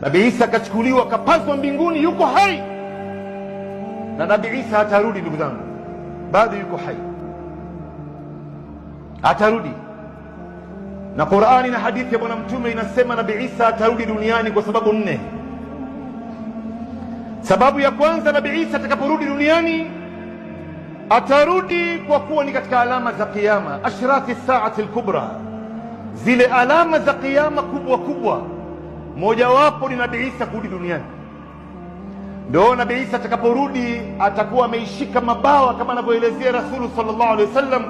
Nabii Isa akachukuliwa akapazwa mbinguni, yuko hai na Nabii Isa atarudi. Ndugu zangu, bado yuko hai, atarudi. Na Qur'ani na hadithi ya Bwana Mtume inasema Nabii Isa atarudi duniani kwa sababu nne. Sababu ya kwanza, Nabii Isa atakaporudi duniani atarudi kwa kuwa ni katika alama za Kiyama, ashrati saati al-kubra, zile alama za Kiyama kubwa kubwa mojawapo ni Nabii Isa kurudi duniani. Ndio Nabii Isa atakaporudi atakuwa ameishika mabawa kama anavyoelezea Rasulu sallallahu alaihi wasallam,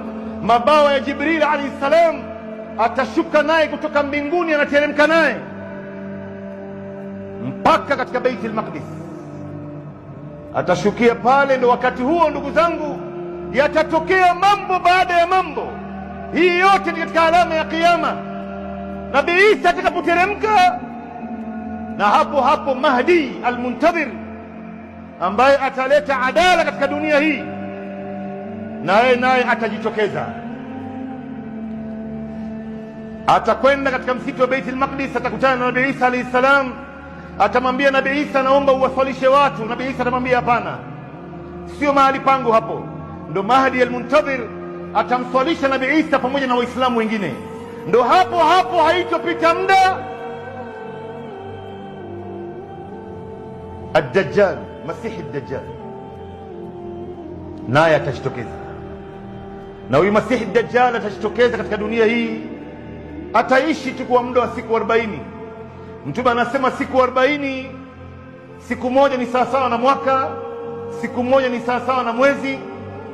mabawa ya Jibril alaihi salam. Atashuka naye kutoka mbinguni, anateremka naye mpaka katika Baiti al-Maqdis, atashukia pale. Ndio wakati huo, ndugu zangu, yatatokea mambo baada ya mambo. Hii yote ni katika alama ya Kiyama. Nabii Isa atakapoteremka na hapo hapo Mahdi almuntadhir ambaye ataleta adala katika dunia hii, naye naye atajitokeza, atakwenda katika msitu wa Baitul Maqdis, atakutana na Nabii Isa alayhi salam, atamwambia Nabii Isa, naomba uwaswalishe watu. Nabii Isa atamwambia hapana, sio mahali pangu hapo. Ndo Mahdi almuntadhir atamswalisha Nabii Isa pamoja na Waislamu wengine. Ndo hapo hapo, haitopita muda ad Masihi Dajjal naye atajitokeza, na huyu Masihi Dajjal atajitokeza katika dunia hii, ataishi tu kwa muda wa siku arobaini Mtume anasema siku arobaini siku moja ni sawasawa na mwaka, siku moja ni sawasawa na mwezi,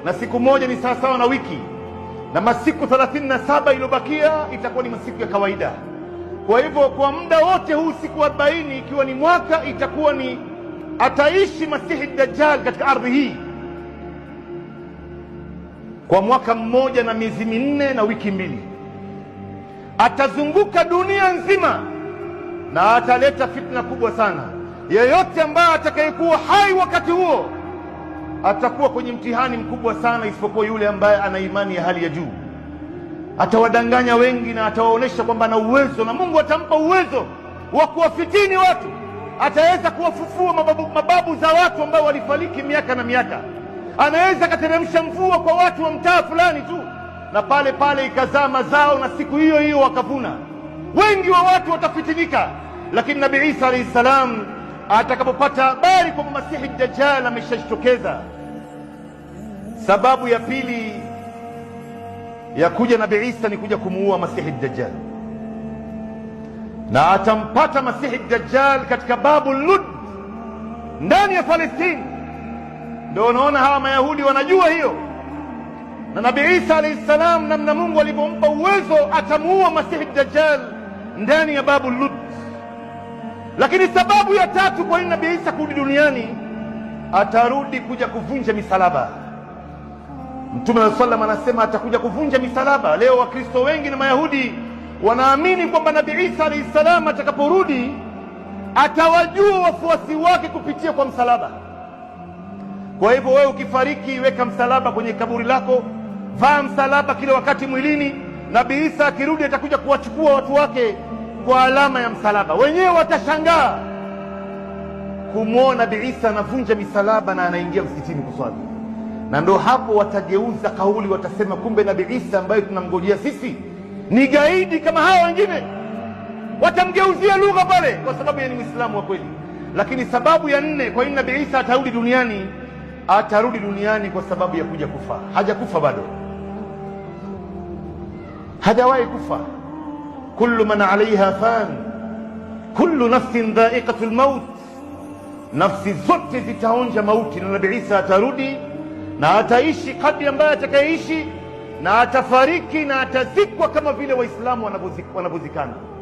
na siku moja ni sawasawa na wiki, na masiku thelathini na saba iliyobakia itakuwa ni masiku ya kawaida. Kwa hivyo kwa muda wote huu siku arobaini ikiwa ni mwaka itakuwa ni ataishi Masihi Dajjal katika ardhi hii kwa mwaka mmoja na miezi minne na wiki mbili. Atazunguka dunia nzima na ataleta fitna kubwa sana. Yeyote ambaye atakayekuwa hai wakati huo atakuwa kwenye mtihani mkubwa sana, isipokuwa yule ambaye ana imani ya hali ya juu. Atawadanganya wengi na atawaonyesha kwamba ana uwezo na Mungu atampa uwezo wa kuwafitini watu ataweza kuwafufua mababu, mababu za watu ambao walifariki miaka na miaka. Anaweza akateremsha mvua kwa watu wa mtaa fulani tu, na pale pale ikazaa mazao, na siku hiyo hiyo wakavuna. Wengi wa watu watafitinika, lakini Nabii Isa alayhi salam atakapopata habari kwamba Masihi Dajjal ameshajitokeza. Sababu ya pili ya kuja Nabii Isa ni kuja kumuua Masihi Dajjal na atampata Masihi Dajjal katika babu Lud ndani ya Palestini. Ndio unaona hawa Mayahudi wanajua hiyo, na nabi Isa alayhi salam, namna Mungu alipompa uwezo, atamuua Masihi Dajjal ndani ya babu Lud. Lakini sababu ya tatu kwa nini Nabii Isa kurudi duniani, atarudi kuja kuvunja misalaba. Mtume wa sallam anasema atakuja kuvunja misalaba. Leo Wakristo wengi na Mayahudi Wanaamini kwamba Nabii Isa alayhi salam atakaporudi atawajua wafuasi wake kupitia kwa msalaba. Kwa hivyo wewe ukifariki, weka msalaba kwenye kaburi lako, vaa msalaba kila wakati mwilini. Nabii Isa akirudi atakuja kuwachukua watu wake kwa alama ya msalaba. Wenyewe watashangaa kumwona Nabii Isa anavunja misalaba na anaingia msikitini kuswali, na ndio hapo watageuza kauli, watasema kumbe Nabii Isa ambaye tunamngojea sisi ni gaidi kama hawa wengine, watamgeuzia lugha pale kwa sababu yeye ni Muislamu wa kweli. Lakini sababu ya nne, kwa nini Nabii Isa atarudi duniani? Atarudi duniani kwa sababu ya kuja kufa. Hajakufa bado, hajawahi kufa. Kullu man alaiha fan, kullu nafsin dha'iqatul maut, nafsi zote zitaonja mauti, na Nabii Isa atarudi na ataishi kadri ambaye atakayeishi na atafariki na atazikwa kama vile Waislamu wanavyozikana.